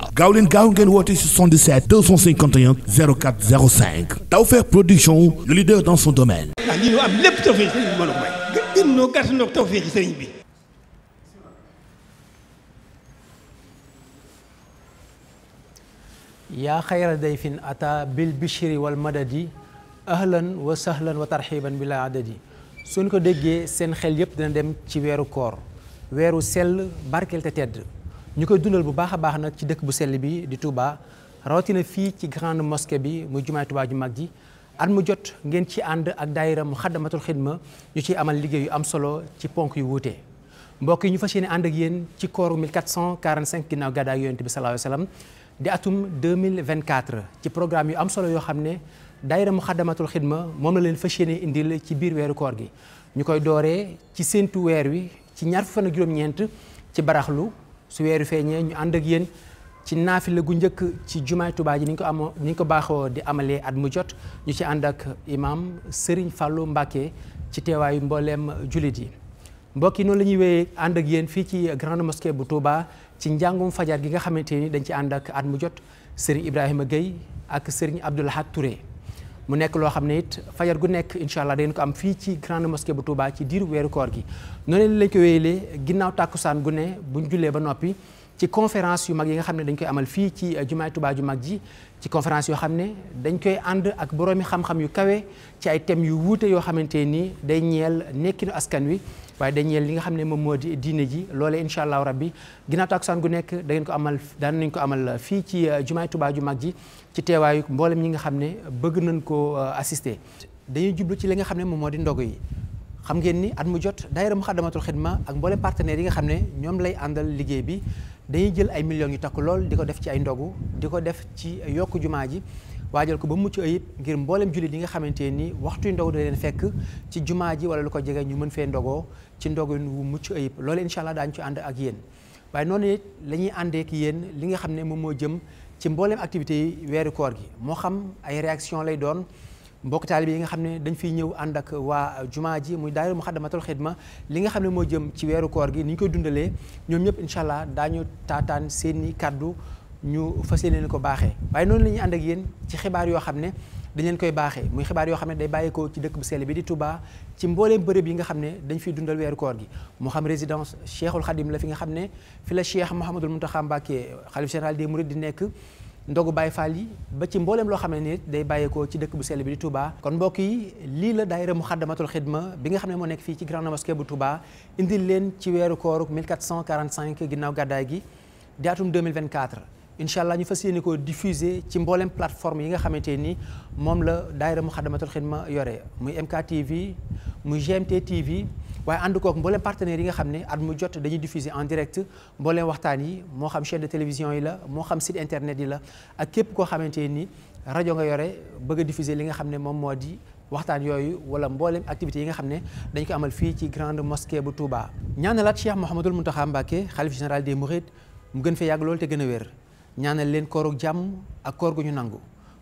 waaw gaaw leen gaaw ngeen woote 77 251 04 05 Tawfekh Production le leader dans son domaine. ah lii wal madadi ahlan wa sahlan wa tarxiban bila adadi suñ ko déggee seen xel yépp dina dem ci weeru koor weeru sell barkeel te tedd ñu koy dundal bu baax a baax nag ci dëkk bu sell bi di Touba rawatina fii ci grande mosquée bi muy jumaay Touba ju mag ji at mu jot ngeen ci ànd ak daayira mu xaddamatul xidma ñu ci amal liggéey yu am solo ci ponk yu wuute. mbokk yi ñu fas yéene ànd ak yéen ci kooru 1445 ginnaaw gàddaay yonent bi sallallahu alayhi wa sallam di atum 2024 ci programme yu am solo yoo xam ne daayira mu xaddamatul xidma moom la leen fas yéene indil ci biir weeru koor gi. ñu koy dooree ci séentu weer wi ci ñaar fukk ci baraxlu su weeru feeñee ñu ànd ak yéen ci naafila gu njëkk ci jumaay Tuubaa ji ni ñu ko amoon ni ñu ko baaxoo di amalee at mu jot ñu ci ànd ak imaam Serigne Fallou Mbacké ci teewaayu mbooleem jullit yi mbokk yi noonu la ñuy wéyee ànd ak yéen fii ci grande mosquée bu Touba ci njàngum fajar gi nga xamante ni dañ ci ànd ak at mu jot Serigne Ibrahima Gueye ak Serigne Abdoul Ahad Touré. mu nekk loo xam ne it fajar gu nekk incha allah dañu ko am fii ci grande mosquée bu Touba ci diir weeru koor gi noonu lañ ko wéyalee ginnaaw tàkkusaan gune bu ñu jullee ba noppi ci conférence yu mag yi nga xam ne dañ koy amal fii ci euh, jumaay tubaa ju mag ji ci conférence yoo xam ne dañ koy ànd ak boroomi xam-xam yu kawe ci ay thèmes yu wuute yoo xamante nii day ñeel nekkinu askan wi waaye dañ ñeel li nga xam ne moom moo di diine ji loolee incha allahu rabbi ginnaaw takusaan gu nekk da ngeen ko amal daan nañ ko amal fii ci euh, jumaay Tuubaa ju mag ji ci teewaayu mboolem ñi nga xam ne bëgg nañ koo euh, assister. dañuy jublu ci li nga xam ne moom moo di ndogu yi. xam ngeen ni at mu jot daayira Muxaddamatul Xidma ak mboole partenaires yi nga xam ne ñoom lay àndal liggéey bi dañuy jël ay millions yu takk lool di ko def ci ay ndogu di ko def ci yokk jumaa ji waajal ko ba mucc ayib ngir mboolem jullit yi nga xamante ni waxtuy ndogu da leen fekk ci jumaa ji wala lu ko jege ñu mën fee ndogoo ci ndogu wu mucc ayib loolu incha allah daañu ci ànd ak yéen waaye noonu it la ñuy àndee yéen li nga xam ne moom moo jëm ci mboolem activités yi weeru koor gi moo xam ay réaction lay doon mbokk taalibe yi nga xam ne dañ fiy ñëw ànd ak waa jumaa ji muy daayira Muxaddamatul Xidma li nga xam ne moo jëm ci weeru koor gi ni ñu koy dundalee ñoom ñëpp incha allah daañu taataan seeni kàddu ñu fas leen ko baaxee waaye noonu la ñuy ànd ak yéen ci xibaar yoo xam ne dañ leen koy baaxee muy xibaar yoo xam ne day bàyyeekoo ci dëkk bu sell bi di Touba ci mbooleem bërëb yi nga xam ne dañ fiy dundal weeru koor gi moo xam résidence Cheikhul Khadim la fi nga xam ne fi la Cheikh Mouhamadul Mountakha Mbacké xalif général des Mourides di nekk ndogu Baye Fall yi ba ci mbooleem loo xam ne nit day bàyyeekoo ci dëkk bu sell bi di tubaa kon mbokk yi lii la daayira Muxaddamatul Xidma bi nga xam ne moo nekk fii ci grande mosquée bu Touba indil leen ci weeru kooruk 1445 ginnaaw gàddaay gi di atum 2024. incha allah ñu fa yéene ko diffuser ci mbooleem plateforme yi nga xamante ni moom la daayira Muxaddamatul Xidma yore muy MK TV muy GMT TV. waaye ànd kook mbooleem partenaires yi nga xam ne at mu jot dañuy diffuser en direct mbooleem waxtaan yi moo xam chaîne de télévision yi la moo xam site internet yi la ak képp koo xamante nii rajo nga yore bëgg a diffuser li nga xam ne moom moo di waxtaan yooyu wala mbooleem activités yi nga xam ne dañ ko amal fii ci grande mosquée bu Touba. ñaanalaat Cheikh Mouhamadul Mountakha Mbacké xalif général des Mourides mu gën fee yàgg loolu te gën a wér ñaanal leen koorug jàmm ak koor gu ñu nangu.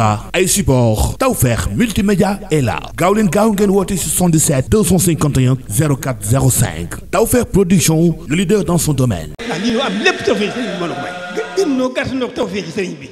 caméra ay support Tawfekh multimédia est là gaaw leen gaaw ngeen woote 77 251 04 05 Tawfekh production le leader dans son domaine. Ah, am lépp Tawfekh sëriñ bi mën a may. gën noo gàtt noo Tawfekh sëriñ bi.